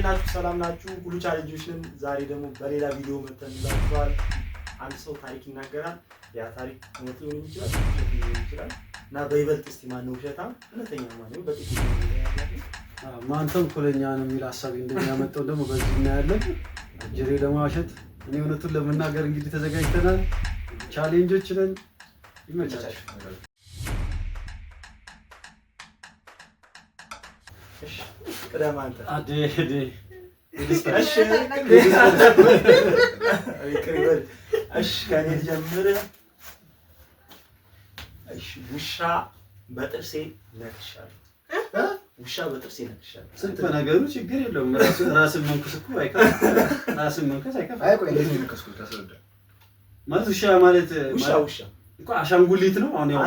እንዴት ናችሁ? ሰላም ናችሁ? ሁሉ ቻሌንጆች ነን። ዛሬ ደግሞ በሌላ ቪዲዮ መጥተን እንላችኋል። አንድ ሰው ታሪክ ይናገራል። ያ ታሪክ እውነት ሊሆን ይችላል፣ ውሸት ሊሆን ይችላል እና በይበልጥ እስቲ ማነው ውሸታም፣ እውነተኛ ማነው በጥቂት ማን ተንኮለኛ ነው የሚል ሀሳብ እንደሚያመጣው ደግሞ በዚህ እናያለን። ጅሬ ለማዋሸት እኔ እውነቱን ለመናገር እንግዲህ ተዘጋጅተናል። ቻሌንጆች ነን። ይመቻችሁ። እሺ ውሻ በጥርሴ ነክሻለሁ። ውሻ በጥርሴ ነክሻለሁ። ስንት በነገሩ ችግር የለውም። ራስን መንከስ እኮ አይከፋም። ራስን መንከስ አይከፋም። ውሻ ማለት ውሻ ውሻ እኮ አሻንጉሊት ነው። አሁን ያው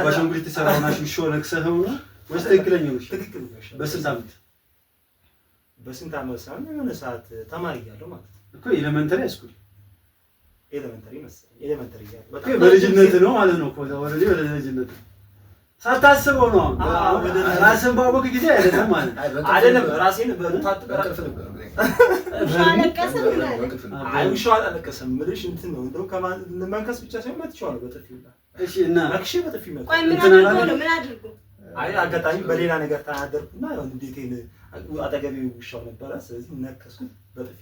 ነክሰኸው ነው ወይስ ትክክለኛ ውሻ በስንት ዓመት በስንት ዓመት ሳይሆን የሆነ ሰዓት ተማሪ እያለሁ ማለት ነው እኮ ኤሌመንተሪ ስኩል ኤሌመንተሪ መሰለኝ ኤሌመንተሪ እያለሁ በልጅነት ነው ማለት ነው እኮ ወደዚህ ወደ ሳታስበው ነው ራስን ባወቅ ጊዜ አይደለም ማለት አይደለም። ራሴን ውሻዋ አላለቀሰም ምልሽ እንትን ነው እንደው መንከስ ብቻ ሳይሆን መትቼዋለሁ በጥፊ እና መክሼ በጥፊ መ አጋጣሚ በሌላ ነገር ተናደርኩና እንዴቴን አጠገቤው ውሻው ነበረ። ስለዚህ ነከስኩት በጥፊ።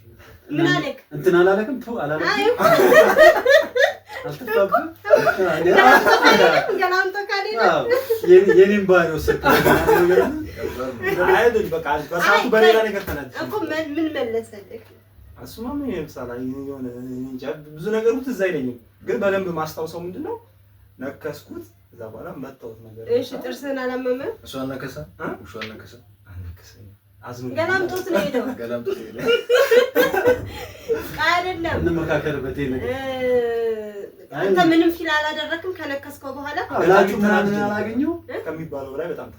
ምን እንትን አላለክም። ተው አላለክም። ባህሪ ወሰድክ አይደል? በሌላ ነገር ተናደድኩ ምን መለሰልህ? እሱማ ምን የሆነ እንጃ ብዙ ነገሩ ትዝ አይለኝም፣ ግን በደንብ ማስታውሰው ምንድን ነው ነከስኩት። እዛ በኋላ መጣሁት ነገር። እሺ ጥርስህን አላመመህም? እሱ አልነከሰ እሱ አልነከሰ ገላምጦት ነው የሄደው። እንመካከርበት። አንተ ምንም ፊል አላደረክም። ከነከስከው በኋላ እላችሁ ምናምን አላገኘው ከሚባለው በላይ በጣም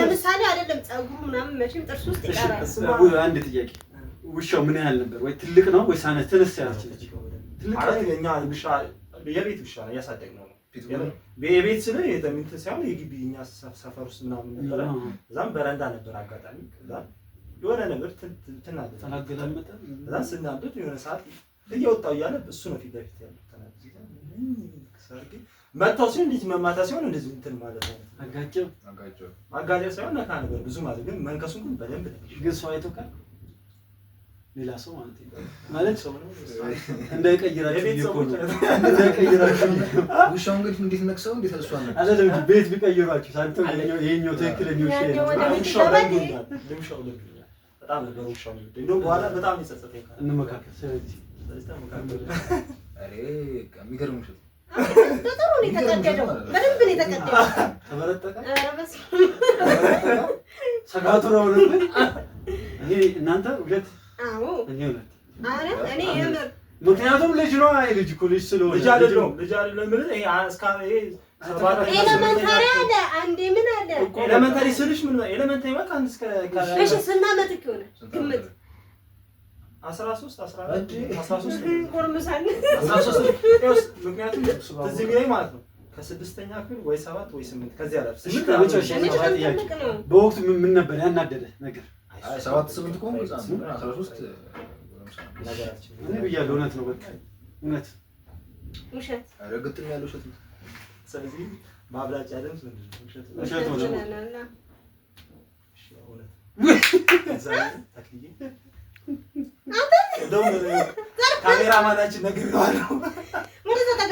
ለምሳሌ አይደለም ፀጉሩ ምናምን መቼም ጥርሱ ውስጥ ይቀራል። አንድ ጥያቄ፣ ውሻው ምን ያህል ነበር? ወይ ትልቅ ነው ትልቅ ውሻ የቤት ስለ የተሚንት ሳይሆን የግቢ እኛ ሰፈር ውስጥ ምናምን ነበረ። እዛም በረንዳ ነበር አጋጣሚ የሆነ ነገር ትናገዛዛ ስናደድ የሆነ ሰዓት እየወጣው እያለ እሱ ነው ፊት ለፊት ያለው መታው ሲሆን እንዴት መማታ ሲሆን እንደዚህ እንትን ማለት ነው። አጋጨው አጋጨው ሳይሆን ነካ ነገር ብዙ ማለት ግን መንከሱን ግን በደንብ ነው ግን ሰው አይተው ሌላ ሰው ማለት ነው ማለት እንዳይቀይራችሁ እንዳይቀይራችሁ ቤት ቢቀይሯችሁ ሳንተ ይሄኛው ትክክለኛው ሼር ውሻው በጣም ነበር ውሻው ሰጋቱ ነው። እናንተ ውሸት ምክንያቱም ልጅ ነው። አይ ልጅ እኮ ልጅ ስለሆነ ልጅ አይደለም ልጅ አይደለም። ምን ይሄ ኤሌመንታሪ አለ አንዴ ምን አለ ስልሽ ምን ኤሌመንታሪ በቃ አንድ እስከ እሺ ስናመት ይሆነ ግምት አስራ ሦስት አስራ አራት ምክንያቱም እዚህ ላይ ማለት ነው ከስድስተኛ ክፍል ወይ ሰባት ወይ ስምንት ከዚህ አላፍ በወቅቱ ምን ምን ነበር ያናደደ ነገር ሰባት ስምንት እኮ አስራ ሦስት እኔ ብያለሁ። እውነት ነው በቃ እውነት ውሸት ረግጥም ያለ ውሸት ነው። ስለዚህ ማብላጫ ድምፅ ውሸት ነው። ካሜራማናችን ነግሬዋለሁ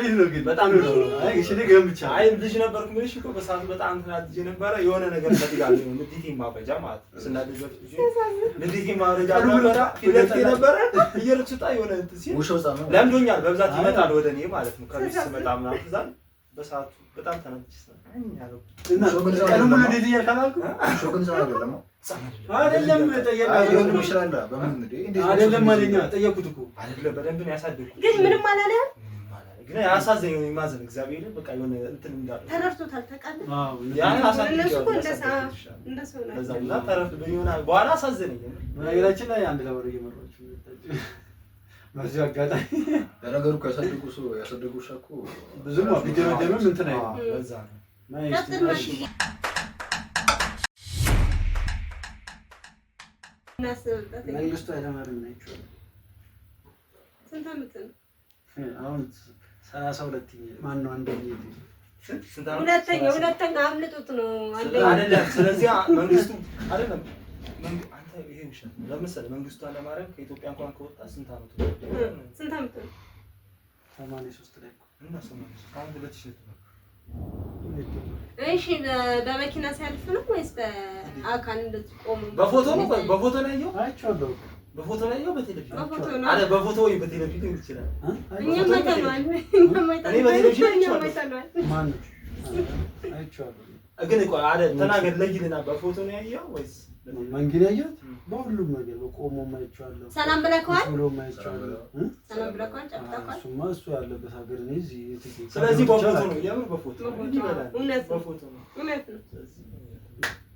አሪፍ ነው ግን በጣም ነው። አይ እሺ ግን ብቻ አይ ልጅ ነበርኩ ምንሽ እኮ በሰዓቱ በጣም እንትና ነበረ የሆነ ነገር ፈልጋለሁ ንዴቴ ማውረጃ ማለት ስናደርገው ንዴቴ ማውረጃ ፊት ነበረ እየሮጥኩ ስወጣ የሆነ እንትን ሲል ለምዶኛል። በብዛት ይመጣል ወደ እኔ ማለት ነው ከቤት ስመጣ ምናምን እዛ በሰዓቱ በጣም ተናድጄ አይደለም በደንብ ነው ግን ምንም አላለህም ግን አሳዘኝ ነው ማዘን እግዚአብሔር በቃ የሆነ እንትን እንዳለ ተረፍቶታል። ተቃለ አዎ በኋላ አሳዘነኝ። በነገራችን ላይ አንድ ለወር እየመራች በዚህ አጋጣሚ ለነገሩ እኮ ያሳደጉ ሰው ያሳደጉ ሻኩ ብዙ ነው ቢደመደምም እንትን ነው በዛ ነው መንግስቱ ኃይለማርያም ናቸው። ስንት አመት ነው አሁን? ሰላሳ ሁለት ማነው አንደኛ ሁለተኛ ሁለተኛ አምልጡት ነው አይደለም። ስለዚህ መንግስቱ አይደለም ይሄ ውሸት ለምሳሌ መንግስቷን ለማድረግ ከኢትዮጵያ እንኳን ከወጣ ስንት አመቱ ስንት አመቱ ነው? በመኪና ሲያልፍ ነው ወይስ በአካል በፎቶ ነው? በፎቶ ነው ያየው በፎቶ ላይ ነው በቴሌቪዥን አለ። በፎቶ ወይ በቴሌቪዥን ይችላል። ሊሆን ማን ነው አይተነዋል። ግን እኮ አለ ተናገር፣ ለይልና በፎቶ ነው ያየው ወይስ መንገድ ያየኸው? በሁሉም ነገር በቆሞ አይቼዋለሁ። ሰላም ብለከዋል ብሎ አይቼዋለሁ። ሰላም ብለከዋል። እሱማ እሱ ያለበት ሀገር ነው። እዚህ። ስለዚህ በፎቶ ነው፣ የምር በፎቶ ነው። እውነት ነው።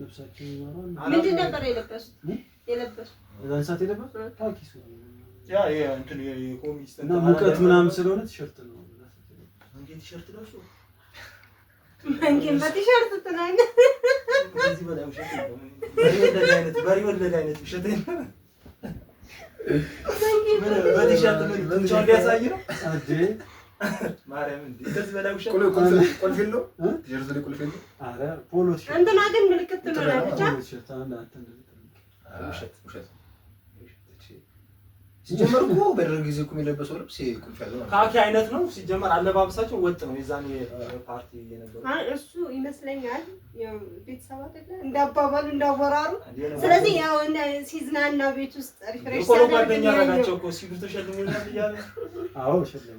ልብሳቸው ይኖራል። ምንድን ነበር የለበሱት? የለበሱት ሰዓት የለበሱት ታኪስ እና ሙቀት ምናምን ስለሆነ ቲሸርት ነው። አንዴ ቲሸርት ነው እሱ በቲሸርት ትናንት በዚህ በላይ ውሸት ነው። በሬ ወለደ አይነት ውሸት ነው። በቲሸርት ነው ብቻውን ሊያሳይ ነው። እንትና ሲጀመር እኮ በደርግ ጊዜ እኮ የሚለበሰው ልብስ ቁልፍ ያለው ካኪ አይነት ነው። ሲጀመር አለባበሳቸው ወጥ ነው። የዛን ፓርቲ የነበሩ እሱ ይመስለኛል። ቤተሰብ አይደለ እንዳባባሉ እንዳወራሩ። ስለዚህ ያው ሲዝናና ቤት ውስጥ ሪፍሬሽ ጓደኛ አደረጋቸው እኮ ሲብርቶ ሸልሙ ይላል አዎ ሸልሙ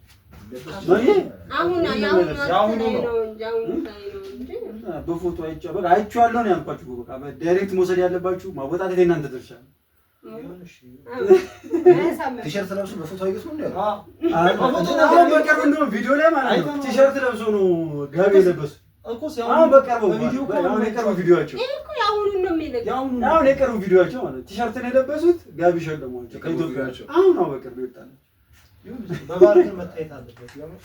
በፎቶ አይቼ በቃ አይቼዋለሁ ነው ያልኳችሁ። በቃ ዳይሬክት መውሰድ ያለባችሁ ማወጣት የእናንተ ድርሻ ነው። ቲሸርት ለብሶ በፎቶ አይገስ ነው እንደው ቪዲዮ ላይ ማለት ነው። ቲሸርት ለብሶ ነው ጋቢ የለበሱ አሁን ቪዲዮቸው ማለት ቲሸርትን የለበሱት ጋቢ ሸለሟቸው ከኢትዮጵያቸው አሁን ነው በቅርቡ ይወጣል። በባህር መታየት አለበት። ለምን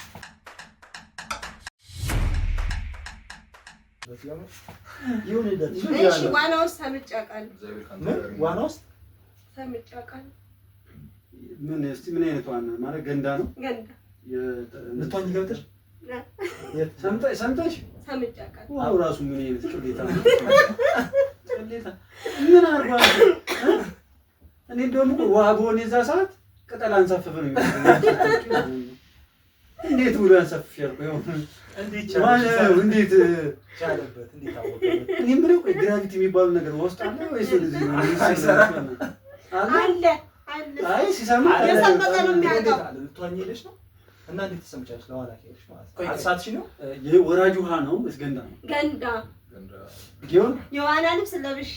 ዋና ውስጥ ሰምጬ አውቃለሁ። ዋና ውስጥ ሰምጬ አውቃለሁ። ምን እስቲ ምን አይነት ዋና ማለት ገንዳ ነው? ገንዳ ልትዋኝ ገብተሽ ሰምጬ ራሱ ምን አይነት ቅሌታ ምን አርባ እኔ እንደውም ውሃ በሆነ የዛ ሰዓት ቅጠል አንሳፍፍ ነው። እንዴት ሙሉ አንሳፍፍ ያልኩ እንዴት ቻለበት? ግራቪቲ የሚባሉ ነገር አለ አለ አይ ሲሰማ እና እንዴት ተሰምቻለሽ? ለኋላ ማለት ነው። አሳትሽ ነው ይሄ ወራጅ ውሃ ነው ወይስ ገንዳ ነው? ገንዳ ገንዳ ጊዮን የዋና ልብስ ለብሼ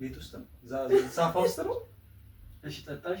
ቤት ውስጥ ነው፣ ሳፋ ውስጥ ነው። እሺ ጠጣሽ?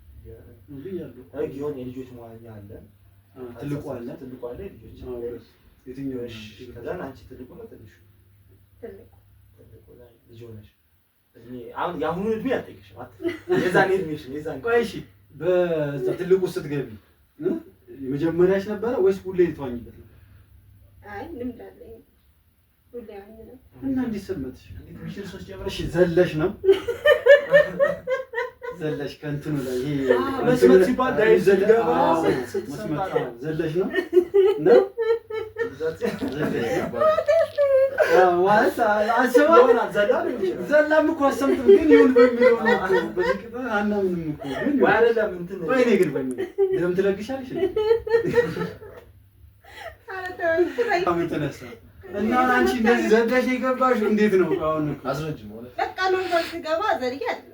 ህግ የልጆች መዋኛ አለ። ትልቁ አለ፣ ትልቁ አለ የልጆች የትኛው? ከዛ አንቺ ትልቁ ነው ትንሹ? ትልቁ ልጅ ሆነሽ አሁን የአሁኑን እድሜ አልጠይቅሽም። የዛን እድሜሽ የዛን ቆይ፣ እሺ በዛ ትልቁ ስትገቢ የመጀመሪያሽ ነበረ ወይስ ሁሌ የተዋኝበት ነበር? አይ ልምድ አለኝ ሁሌ። እና እንዴት ሰመትሽ? እንዴት ሚሽን ሶስት ጀምረሽ ዘለሽ ነው ዘለሽ ከእንትኑ ላይ ይሄ መስመጥ ሲባል ዳይ ዘልገባ ዘለሽ ነው ነው ዘላም እኮ አሰምጥም ግን ይሁን በሚለው አናምንም እኮ እና አንቺ እንደዚህ ዘለሽ የገባሽ እንዴት ነው? አሁን ገባ ዘርያል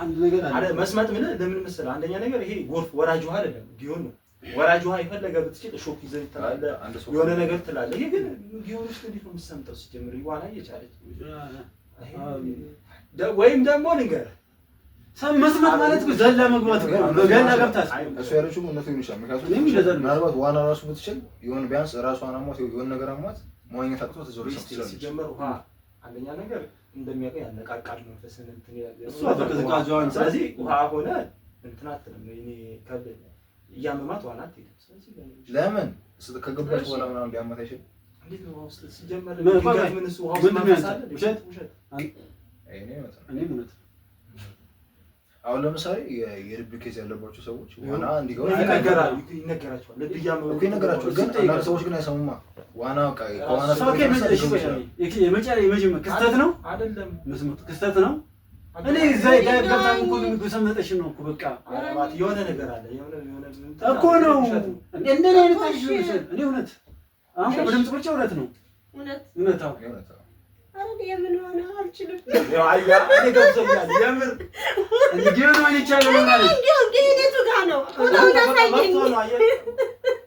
አንድ ነገር አለ። መስመጥ ምን ለምን መሰለህ? አንደኛ ነገር ይሄ ጎርፍ ወራጅ ውሃ አይደለም፣ ጊዮን ነው። ወራጅ ውሃ የፈለገ ብትችል እሾክ ይዘህ ትላለህ፣ የሆነ ነገር ትላለ ይሄ ግን ጊዮን ውስጥ እንዴት ነው የምትሰምጠው? ሲጀምር ይዋላ እየቻለች ወይም ደግሞ ልንገርህ መስመጥ ማለት ዘላ መግባት ነው። ገና ገብታስ እሱ ያለችው እውነት ሊሆን ይችላል። ምክንያቱም ምናልባት ዋና ራሱ ብትችል የሆነ ቢያንስ ራሷን አሟት የሆነ ነገር አሟት መዋኘት አቅቷት ዞር ይችላል ሲጀምር ውሃ አንደኛ ነገር እንደሚያውቀው ያነቃቃል መንፈስን እንትን ያለ እሱ በቅዝቃዜው ስለዚህ ውሃ ሆነ እንትን አትልም። እኔ እያመማት ዋና አትሄድም። ስለዚህ ለምን ከገባች በኋላ ምናምን ቢያመት አይችልም። እንዴት ነው ውስጥ ሲጀመር ምን እሱ ውሃ ውስጥ ውሸት ውሸት እኔ እውነት አሁን ለምሳሌ የልብ ኬዝ ያለባቸው ሰዎች ዋና እንዲገባ ይነገራቸዋል። ልብ እያመመ ይነገራቸዋል፣ ግን አንዳንድ ሰዎች ግን አይሰሙማ ዋናው ክስተት ነው አይደለም? ክስተት ነው። እኔ ሰመጠሽ ነው እኮ በቃ የሆነ ነገር አለ እኮ ነው። እንደኔ አይነት እኔ እውነት አሁን በድምፅ ብቻ እውነት ነው እውነት የምን ሆነ አልችልም። የምር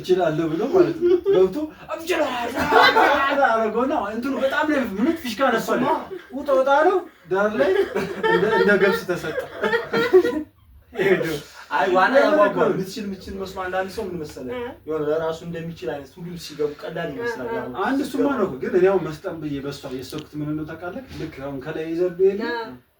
እችላለሁ ብሎ ማለት ነው። ገብቶ አረጎና እንትኑ በጣም ላይ ምኑት ፊሽካ ነሷል ውጣ ውጣ ነው ዳር ላይ እንደ ገብስ ተሰጠ። ዋና ምችል ምችል መስሎ አንዳንድ ሰው ምን መሰለ የሆነ ለራሱ እንደሚችል አይነት ሁሉም ሲገቡ ቀላል ይመስላል። አንድ እሱማ ነው። ግን እኔ አሁን መስጠን ብዬ በሷ የሰኩት ምን ነው ታውቃለህ? ልክ አሁን ከላይ ይዘብ የለ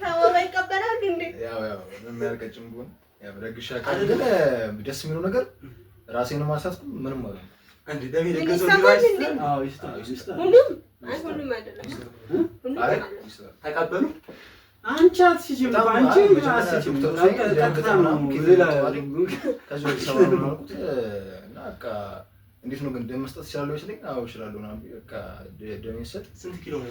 ከወባ ይቀበላል እንዴ? ያው ያው የሚያርቀጭም ቢሆን ያው ደግሻ ካለ ደስ የሚለው ነገር ራሴን ማሳስኩ ምንም ማለት ነው። አንዴ ደሜ ለገዘው ቢራስ አዎ ይስጣል ይስጣል። ሁሉም አይ አይደለም። አረ ተቀበሉ። አንቺ አትስጂም፣ አንቺ አትስጂም። ነው ስንት ኪሎ ነው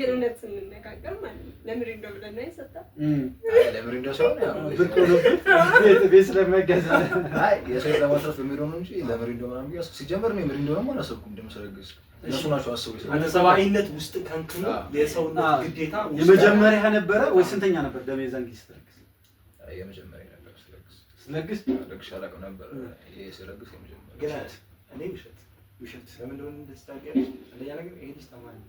የእውነት ስንነጋገር ማለት ነው። ውስጥ ከንክኖ የሰውነት ግዴታ የመጀመሪያ ነበረ ወይ ስንተኛ ነበር ደሜዛን ጊዜ ስትረግስ? የመጀመሪያ ነበር ስለግስ ስለግስ ደግሽ አላውቅም ነበር ይሄ ስለግስ የመጀመሪያ ግን እኔ ውሸት ውሸት ለምንድን ነው እንደዚህ አንደኛ ነገር ይሄ ልጅ ተማሪ ነው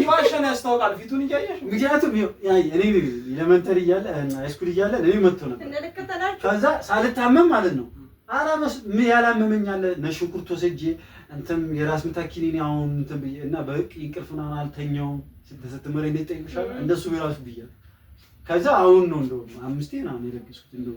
ይዋሸን ያስታውቃል ፊቱን እያየሽ። ምክንያቱም እኔ ኤሌመንተሪ እያለ ሃይስኩል እያለ እኔ መጥቶ ነበር። ከዛ ሳልታመም ማለት ነው ያላመመኛለ ነሽንኩርት ወስጄ እንትም የራስ ምታኪኔ አሁን እንትን ብዬ እና በህቅ እንቅልፍ ምናምን አልተኛውም ስትመረ ኔ ጠይቅሻል እንደሱ የራሱ ብያል። ከዛ አሁን ነው እንደውም አምስቴ ና የለገስኩት እንደው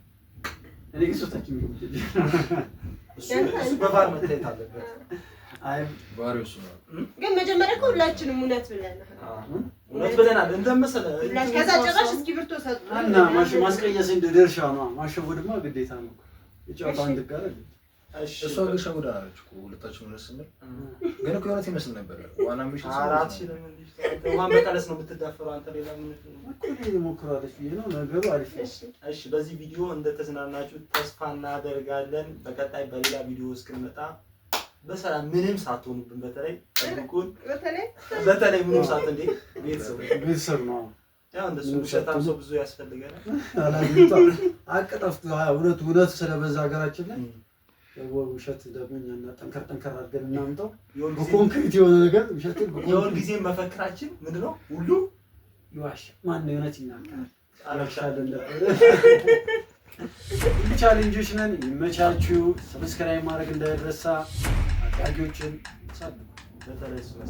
እኔ ግን ሶስታችን እሱ በቫር መታየት አለበት። ግን መጀመሪያ እኮ ሁላችንም እውነት ብለናል፣ እውነት ብለናል እንደመሰለህ። ከዛ ጭራሽ እስኪ ብርቶ ሰጡና ማሸ ማስቀየስ እንደ ድርሻ ነው። ማሸቡ ግዴታ ነው። የጨዋታ እንድጋር እሷ ግን ሸጉዳ ነች ሁለታችን ሆነ ስንል ግን እኮ የእውነት ይመስል ነበር። ዋና ሚሽ ነው የምትዳፈረው አንተ ሌላ ሞክራለች ብዬ ነው ነገሩ። አሪፍ እሺ። በዚህ ቪዲዮ እንደተዝናናችሁ ተስፋ እናደርጋለን። በቀጣይ በሌላ ቪዲዮ እስክንመጣ በሰላም ምንም ሳትሆኑብን በተለይ ጠብቁን። በተለይ ምንም ሳት እንዴ ቤተሰብ ቤተሰብ ነው ያው እንደሱ ውሸታም ሰው ብዙ ያስፈልገናል። አቀጠፍቱ እውነት እውነት ስለበዛ ሀገራችን ላይ ውሸት ደግሞ እና ጠንከር ጠንከር አድርገን እናምጠው። በኮንክሪት የሆነ ነገር ውሸት የሁል ጊዜ መፈክራችን ምንድን ነው? ሁሉ ይዋሽ ማን ነው የሆነች ይናምጣል አላሻለን ቻሌንጆች ነን። ይመቻችሁ። ሰብስክራይብ ማድረግ እንዳይረሳ። አድራጊዎችን ሳብ በተለይ